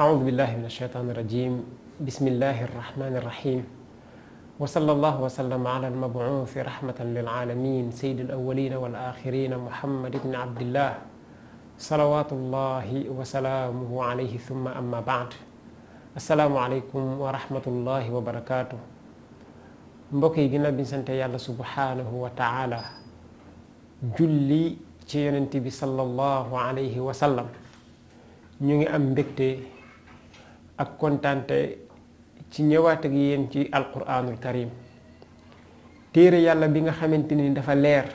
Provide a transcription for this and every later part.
أعوذ بالله من الشيطان الرجيم بسم الله الرحمن الرحيم وصلى الله وسلم على المبعوث رحمة للعالمين سيد الأولين والآخرين محمد بن عبد الله صلوات الله وسلامه عليه ثم أما بعد السلام عليكم ورحمة الله وبركاته مبكي جنا بن سنتي الله سبحانه وتعالى جلي ci بصلى الله عليه وسلم نيغي ام بكتي ak kontante ci ñëwaat ak yéen ci alquranul karim téere yàlla bi nga xamante ni dafa leer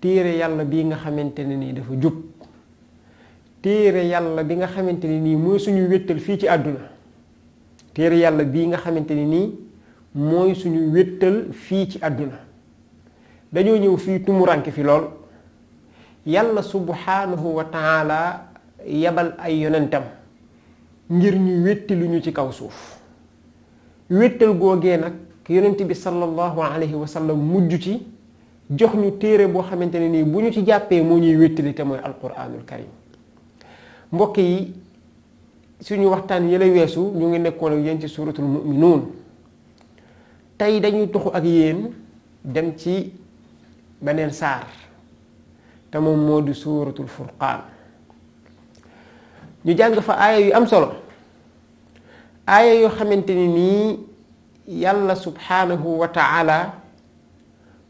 téere yàlla bi nga xamante ne ni dafa jub téere yàlla bi nga xamante ne nii mooy suñu wéttal fii ci àdduna téere yàlla bii nga xamante ne nii mooy suñu wéttal fii ci àdduna dañoo ñëw fii tumuranke fi lool yàlla subhanahu wa taala yabal ay yonentam ngir ñu wétti lu ñu ci kaw suuf wéttal googee nag yonent bi sallallahu alayhi wa sallam mujj ci jox ñu téere boo xamante ne nii bu ñu ci jàppee moo ñuy wéttali te mooy alquranul karim mbokk yi suñu waxtaan yële weesu ñu ngi nekkoon ak yéen ci suratul muminuun tey dañuy tuxu ak yéen dem ci beneen saar te moom moo di suratul furqaan ñu jàng fa aaya yu am solo aaya yoo xamante ni nii yàlla subhaanahu wa ta'ala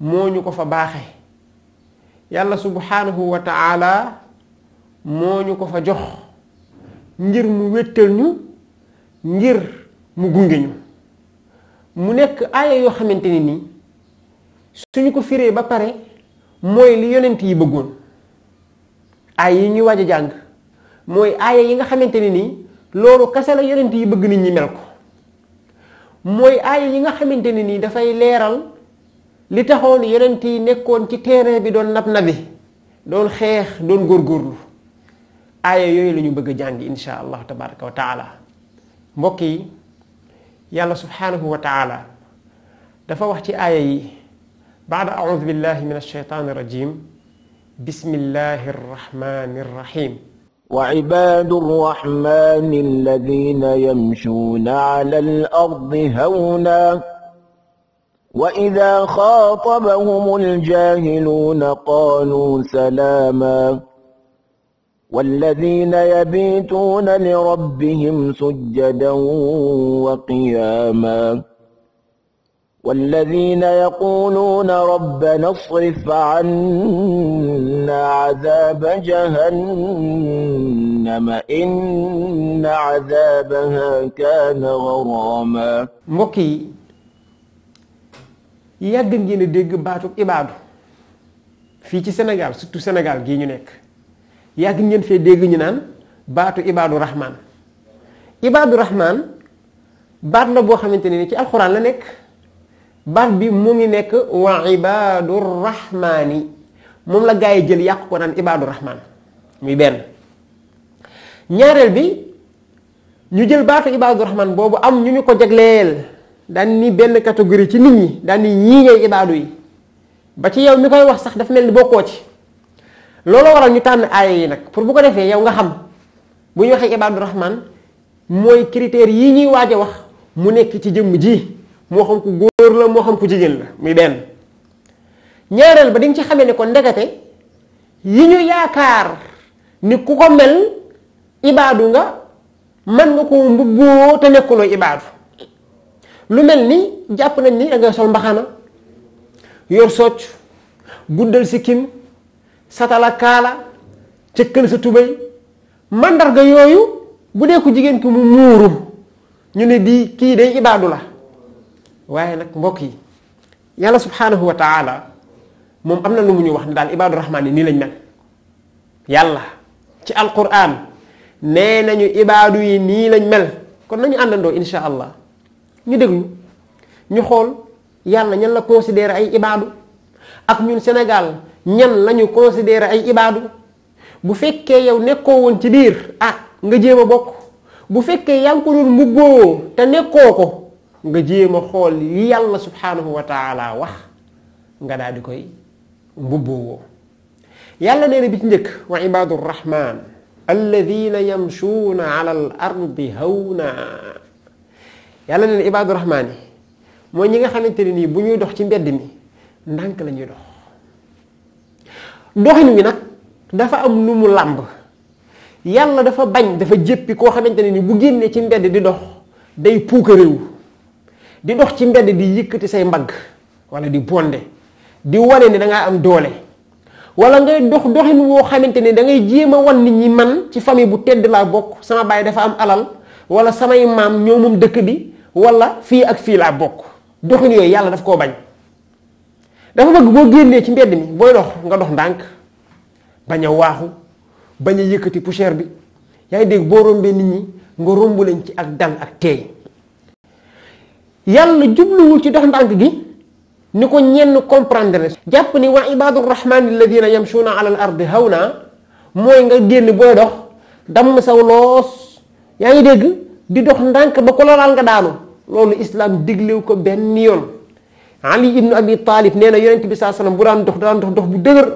moo ñu ko fa baaxe yàlla subhaanahu wa ta'ala moo ñu ko fa jox ngir mu wéttal ñu ngir mu gunge ñu mu nekk aaya yoo xamante ni nii suñu ko firee ba pare mooy li yonent yi bëggoon ay yi ñuy waaj jàng mooy aaya yi nga xamanteni ni nii loolu kase la yonent yi bëgg nit ñi mel ko mooy aaya yi nga xamanteni ni nii dafay leeral li taxoon yonent yi nekkoon ci terrain bi doon nab nabi doon xeex doon góorgóorlu aaya yooyu la ñu bëgg insha allah tabaraka wa taala mbokk yi yàlla subhanahu wa taala dafa wax ci aaya yi بعد أعوذ بالله من الشيطان الرجيم بسم الله الرحمن وعباد الرحمن الذين يمشون على الأرض هونا وإذا خاطبهم الجاهلون قالوا سلاما والذين يبيتون لربهم سجدا وقياما والذين يقولون ربنا اصرف عنا عذاب جهنم إن عذابها كان غراما موكي يجن جين ديغ باتو إبادو في تي سنغال ستو سنغال جينيك نيو نيك يجن جين في ديغ ني باتو إبادو الرحمن إبادو الرحمن بات لا بو خامتيني تي القران لا نيك baat bi mu ngi nekk wa ibaadu rahmaani moom la gaa yi jël yàq ko naan ibaadu rahmaan muy benn ñaareel bi ñu jël baatu ibaadu rahmaan boobu am ñu ñu ko jagleel daan ni benn catégorie ci nit ñi daan ni ñii ñooy ibaadu yi ba ci yow mi koy wax sax dafa mel ni bokkoo ci looloo waral ñu tànn aaya yi nag pour bu ko defee yow nga xam bu ñu waxee ibaadu rahmaan mooy critères yi ñuy waaj a wax mu nekk ci jëmm ji moo xam ku góor la moo xam ku jigéen la muy benn ñaareel ba di ci xamee ne ko ndekete yi ñu yaakaar ni ku ko mel ibaadu nga mën nga ko mbubboo te nekkuloo ibaadu lu mel ni jàpp nañ ni da ngay sol mbaxana yor socc guddal sikkim satala kaala cëkkal sa tubéy màndarga yooyu bu dee ku jigéen ki mu muuru ñu ne di kii day ibaadu la waaye nag mbokk yi yàlla subhanahu wa moom am na lu mu ñu wax ni daal ibaadu rahmaan yi nii lañ mel yàlla ci alquran nee nañu ibaadu yi nii lañ mel kon nañu àndandoo insha allah ñu déglu ñu xool yàlla ñan la considéré ay ibaadu ak ñun Sénégal ñan lañu considéré ay ibaadu bu fekkee yow nekkoo woon ci biir ah nga jéem a bokk bu fekkee yaa ngi te nekkoo ko nga jéem xool li yàlla subhanahu wa taala wax nga daal di koy mbubboowoo yàlla nee na bi ci njëkk wa ibaadu rahman alladina yamshuuna ala ardi hawna yàlla nee na ibaadu rahmaan yi mooy ñi nga xamante ne nii bu ñuy dox ci mbedd mi ndànk lañuy dox doxin wi nag dafa am lu mu làmb yàlla dafa bañ dafa jéppi koo xamante ne nii bu génnee ci mbedd di dox day puukaréewu di dox ci mbedd di yëkkati say mbagg wala di bondé di wane ni da am doole wala ngay dox doxin woo xamante ni da ngay wan nit ñi man ci famille bu tedd laa bokk sama baay dafa am alal wala samay maam ñoo moom dëkk bi wala fii ak fii laa bokk doxin yooyu yàlla daf koo bañ dafa bëgg boo génnee ci mbedd mi booy dox nga dox ndànk bañ a waaxu bañ a yëkkati poussière bi yaay dégg boo rombee nit ñi nga romb leen ci ak dal ak teey yàlla jubluwul ci dox ndank gi ni ko ñenn comprendre japp ni wa ibadur rahman alladhina yamshuna ala al ard hauna moy nga genn booy dox dam saw loos ya ngi deg di dox ndank ba ko laal nga daanu lolu islam diglew ko ben yoon ali ibnu abi talib neena na yonente sallallahu saa wasallam bu daan dox daan dox bu deugar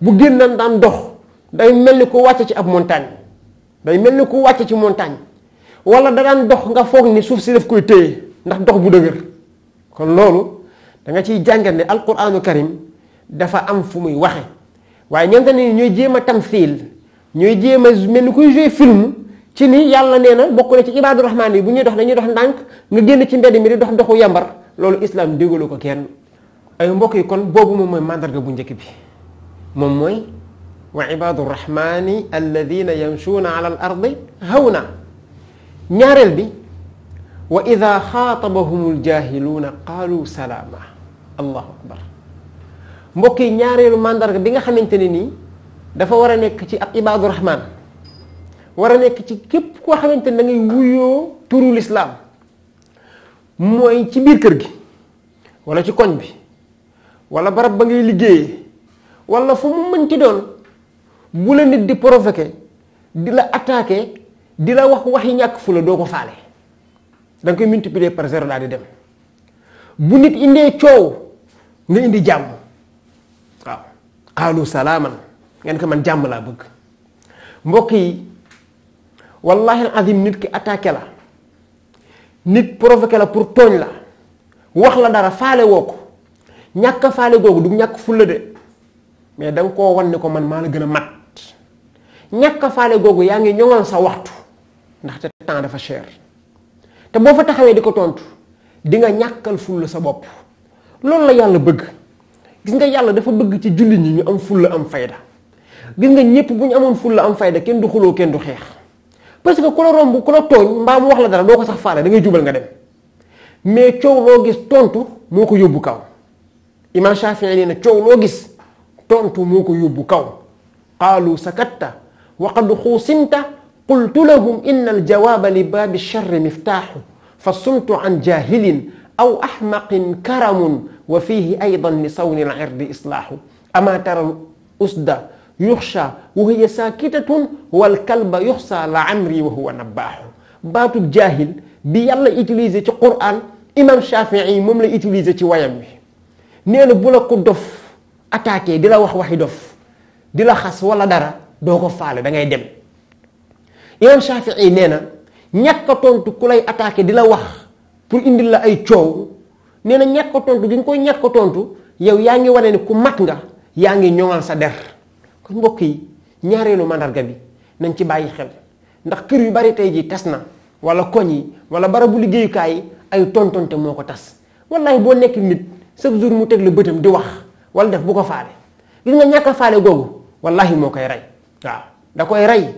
bu genn daan dox day melni ko wacc ci ab montagne day melni ko wacc ci montagne wala daan dox nga ni suuf si daf koy ndax dox bu dëgër kon loolu danga ciy jàngat ne alquraanu karim dafa am fu muy waxe waaye ñoom tamit ñooy jéem a tamsiil ñooy jéem a mel ni kuy jouer film ci ni yàlla nee na bokk na ci ibaadu rahmaan yi bu ñuy dox dañuy dox ndànk nga génn ci mbedd mi di dox doxu yambar loolu islaam dégalu ko kenn ay mbokk yi kon boobu moom mooy mandarga bu njëkk bi moom mooy wa ibaadu rahmaani alladina yamshuuna ala al ardi hawna ñaareel bi Wa idha khatabahumul jahiluna qalu salama. Allahu akbar. Mbokki ñaarelu ñaareelu mandarga bi nga xamanteni ni dafa wara nek ci ab ibadur rahman Wara nek ci kep ko xamanteni da ngay wuyo turu l'islam. Moy ci bir kër gi wala ci koñ bi wala barab ba ngay liggéeyee wala fu mu mën ci doon bu la nit di provoquer di la attaquer di la wax waxi ñak fu la do ko faalé da koy multiplier par zéro daal di dem bu nit indee coow nga indi jàmm waaw xaalu salaaman ngeen ko man jàmm laa bëgg mbokk yi wallahi azim nit ki attake la nit provoqué la pour tooñ la wax la dara faale woo ko ñàkk a faale googu du ñàkk fulla de mais da koo wan ne ko man maa la gën a mat ñàkk a faale googu yaa ngi ñoŋal sa waxtu ndaxte temps dafa cher. te boo fa taxawee di ko tontu di nga ñàkkal fulla sa bopp loolu la yàlla bëgg gis nga yàlla dafa bëgg ci jullit ñi ñu am fulla am fayda gis nga ñëpp bu ñu amoon fulla am fayda kenn du xuloo kenn du xeex parce que ku la romb ku la tooñ mbaa mu wax la dara doo ko sax faale dangay ngay jubal nga dem mais coow loo gis tontu moo ko yóbbu kaw imam Shafii nee na coow loo gis tontu moo ko yóbbu kaw qaalu sakatta wa xuusinta قلت لهم إن الجواب لباب الشر مفتاح فصمت عن جاهل أو أحمق كرم وفيه أيضا لصون العرض إصلاح أما ترى أسدى يخشى وهي ساكتة والكلب يحصى لعمري وهو نباح بات الجاهل بيلا إتليزي القرآن إمام شافعي مملا إتليزي ويمي نيل بولاكو دف أتاكي دلا وح وحي دف دلا خاص ولا دارا دوغو فالي دنجي دم imam Shafii nee na ñàkk ko tontu ku lay attaqué di la wax pour indil la ay coow nee na ñàkk a tontu gi nga koy ñàkk a tontu yow yaa ngi wane ne ku mat nga yaa ngi ñoŋal sa der kon mbokk yi ñaareelu màndarga bi nañ ci bàyyi xel ndax kër yu bari tey jii tas na wala koñ yi wala barabu liggéeyukaay yi ay tontonte moo ko tas wallaay boo nekk nit chaque jour mu teg lu bëtam di wax wala def bu ko faale gis nga ñàkk a faale googu wallahi moo koy rey waaw da koy rey.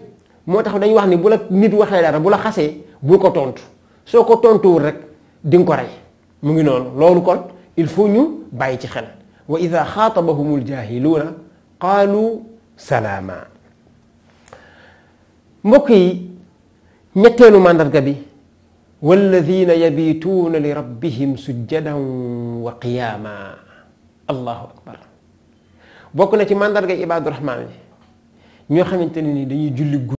motax dañuy wax ni bu la nit waxe dara bu la xasse bu ko tontu soko tontu rek ding ko ray mu ngi non lolou kon il faut ñu bàyyi ci xel wa idha khatabahumul jahiluna qalu salama mbokk yi ñetteelu màndarga bi walladina yabituuna li rabbihim sujjadan wa qiyaama allahu akbar bokk na ci màndarga ibaadu rahmaan yi ni dañuy julli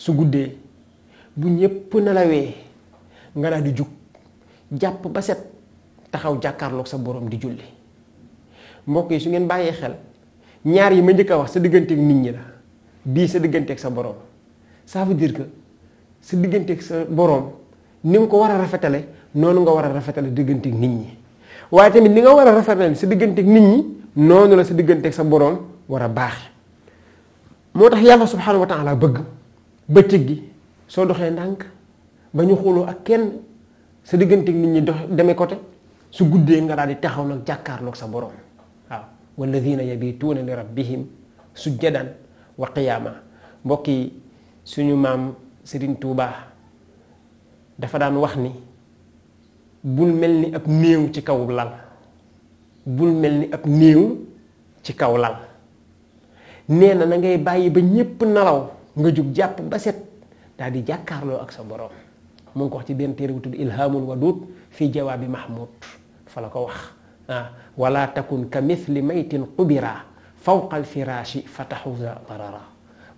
su guddé bu ñépp nelawee nga la di juk japp ba set taxaw jakarlok sa borom di julli mbokk yi su ngeen bayé xel ñaar yi ma njëkk wax sa ak nit ñi la bi sa ak sa borom ça veut dire que sa ak sa borom ni ko wara rafetalé nonu nga wara rafetalé digënté ak nit ñi waye tamit ni nga wara rafetalé sa sa ak nit ñi nonu la sa ak sa borom wara baax moo subhanahu wa taala bëgg bëccëg gi soo doxee ndànk ba ñu xuloo ak kenn sa diggante nit ñi dox demee côté su guddee nga daal di taxaw nag jàkkaarloog sa borom waaw walladina yabituuna li rabbihim sujjadan wa qiyaama mbokk yi suñu maam Serigne Touba dafa daan wax ni bul mel ni ab néew ci kaw lal bul mel ni ab néew ci kaw lal nee na ngay bàyyi ba ñépp nalaw nga jug jàpp ba set dal di jakarlo ak sa borom mu ngi ko wax ci ben téré bu tudd ilhaamul wadud fi jawabi mahmud fala ko wax wala takun ka mithli maytin qubira fawqa alfiraashi fatahuza darara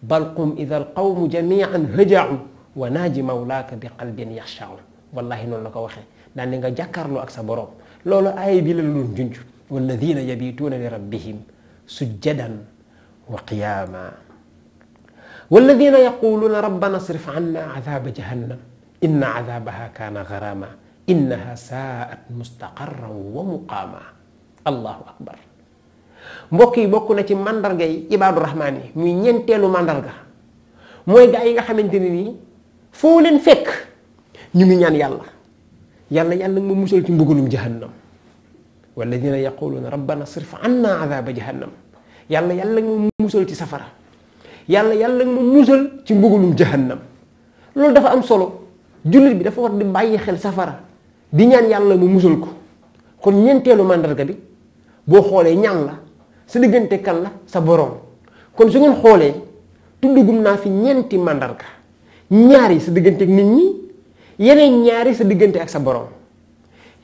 bal qum ida alqawmu jamian haja'u wa naji mawlaka bi qalbin yaxshaun wallahi non la ko waxe dal ni nga jakarlo ak sa borom lolo ay bi la lu junj والذين يبيتون لربهم سجدا وقياما والذين يقولون ربنا اصرف عنا عذاب جهنم إن عذابها كان غراما إنها ساءت مستقرا ومقاما الله أكبر موكي بوكو نتي ماندار جاي عباد الرحمن مي نينتيلو ماندار جا موي جاي غا خامنتيني ني فولين فيك ني مي نيان يالا يالا يالا مو موسول تي مبوغلوم جهنم والذين يقولون ربنا صرف عنا عذاب جهنم يالا يالا مو موسول تي سفره yalla yalla ma musal ci mbugulum jahannam lolou dafa am solo julit bi dafa war di bàyyi xel safara di ñaan yalla mu musal ko kon ñentelu mandarga bi bo xoolee ñaan la sa diggante kan la sa borom kon su ngeen xoolee tuddugum na fi ñenti mandarga ñaari sa diggante nit ñi yeneen ñaari sa diggante ak sa borom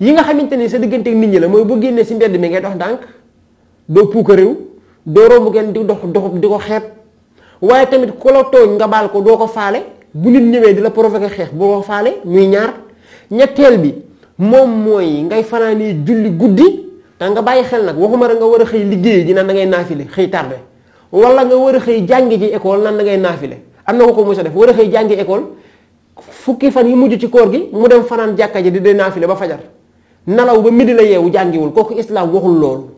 yi nga xamanteni sa diggante nit ñi la moy bu ci mbedd mi ngay dox dank do di dox dox di ko waaye tamit ku la tooñ nga baal ko doo ko faale bu nit ñëwee di la provoquer xeex boo ko faale muy ñaar ñetteel bi moom mooy ngay fanaani julli guddi te nga bàyyi xel nag waxuma rek nga war a xëy liggéey ji naan da ngay naafile xëy tardé wala nga war a xëy jàngi ji école naan da ngay naafile am na ko ko mos a def war a xëy jàngi école fukki fan yi mujj ci koor gi mu dem fanaan jàkka ji di dee naafile ba fajar nalaw ba midi la yeewu jàngiwul kooku islam waxul loolu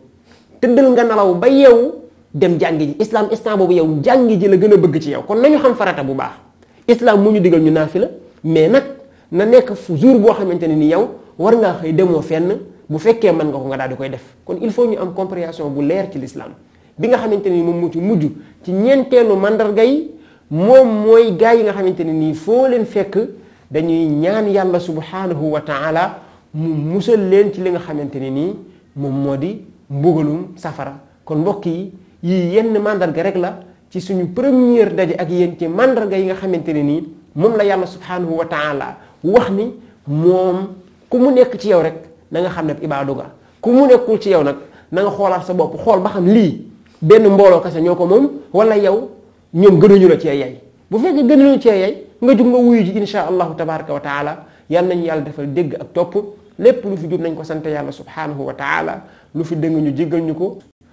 tëddal nga nalaw ba yeewu dem jàngi ji islam islam boobu yow jàngi ji la gën a bëgg ci yow kon nañu xam farata bu baax islam mu ñu diggal ñu la mais nag na nekk fu jour boo xamante ne ni yow war ngaa xëy demoo fenn bu fekkee mën nga ko nga daal di koy def kon il faut ñu am compréhension bu leer ci l'islam bi nga xamante ne ni moom moo ci mujj ci ñeenteelu mandarga yi moom mooy gaa yi nga xamante ne nii foo leen fekk dañuy ñaan yàlla subhanahu wa taala mu musal leen ci li nga xamante ne nii moom moo di mbugalum safara kon mbokk yi yi yenn mandarga rek la ci suñu première daje ak yéen ci mandarga yi nga xamanteni ni mom la yalla subhanahu wa taala wax ni mom ku mu nekk ci yow rek na nga xamne ibadu ga ku mu nekkul ci yow nak na nga xolal sa bop xol ba xam li benn mbolo kasse ñoko mom wala yow ñoom gënuñu la ci yay bu gënuñu ci nga jug nga wuyu ji insha allahu tabaraka wa taala yalla nañu yalla defal deg ak top lepp lu fi jub nañ ko sante yalla subhanahu wa taala lu fi ñu jigal ñuko